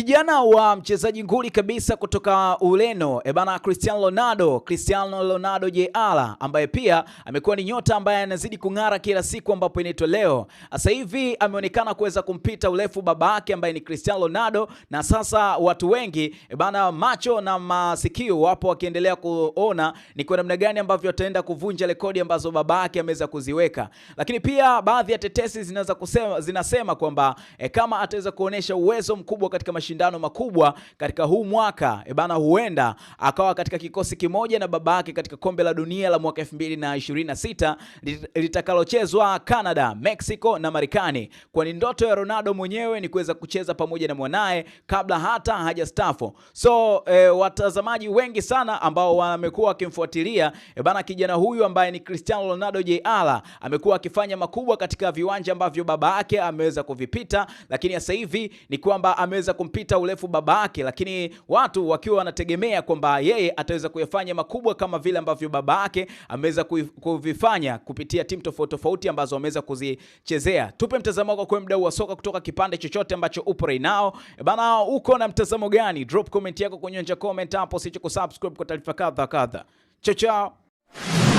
Kijana wa mchezaji nguli kabisa kutoka Ureno ebana, eh, Cristiano Ronaldo, Cristiano Ronaldo JR, ambaye pia amekuwa ni nyota ambaye anazidi kung'ara kila siku ambapo inaitwa leo. Sasa hivi ameonekana kuweza kumpita urefu baba yake ambaye ni Cristiano Ronaldo, na sasa watu wengi ebana, eh, macho na masikio wapo wakiendelea kuona ni kwa namna gani ambavyo ataenda kuvunja rekodi ambazo baba yake ameweza kuziweka, lakini pia baadhi ya tetesi zinaweza kusema, zinasema kwamba e, kama ataweza kuonesha uwezo mkubwa katika mashindano makubwa katika huu mwaka e bana, huenda akawa katika kikosi kimoja na baba yake katika kombe la dunia la mwaka 2026 litakalochezwa Canada, Mexico na Marekani, kwani ndoto ya Ronaldo mwenyewe ni kuweza kucheza pamoja na mwanaye kabla hata hajastaafu. So e, watazamaji wengi sana ambao wamekuwa wakimfuatilia e bana, kijana huyu ambaye ni Cristiano Ronaldo Jr amekuwa akifanya makubwa katika viwanja ambavyo baba yake ameweza kuvipita, lakini sasa hivi ni kwamba ameweza kumpi kupita urefu baba yake, lakini watu wakiwa wanategemea kwamba yeye ataweza kuyafanya makubwa kama vile ambavyo baba yake ameweza kuvifanya kupitia timu tofauti tofauti ambazo ameweza kuzichezea. Tupe mtazamo wako kwa mdau wa soka kutoka kipande chochote ambacho upo right now. Eh, bana, uko na mtazamo gani? Drop comment yako kwenye nje comment hapo, kusubscribe kwa taarifa kadha kadha. Chao chao.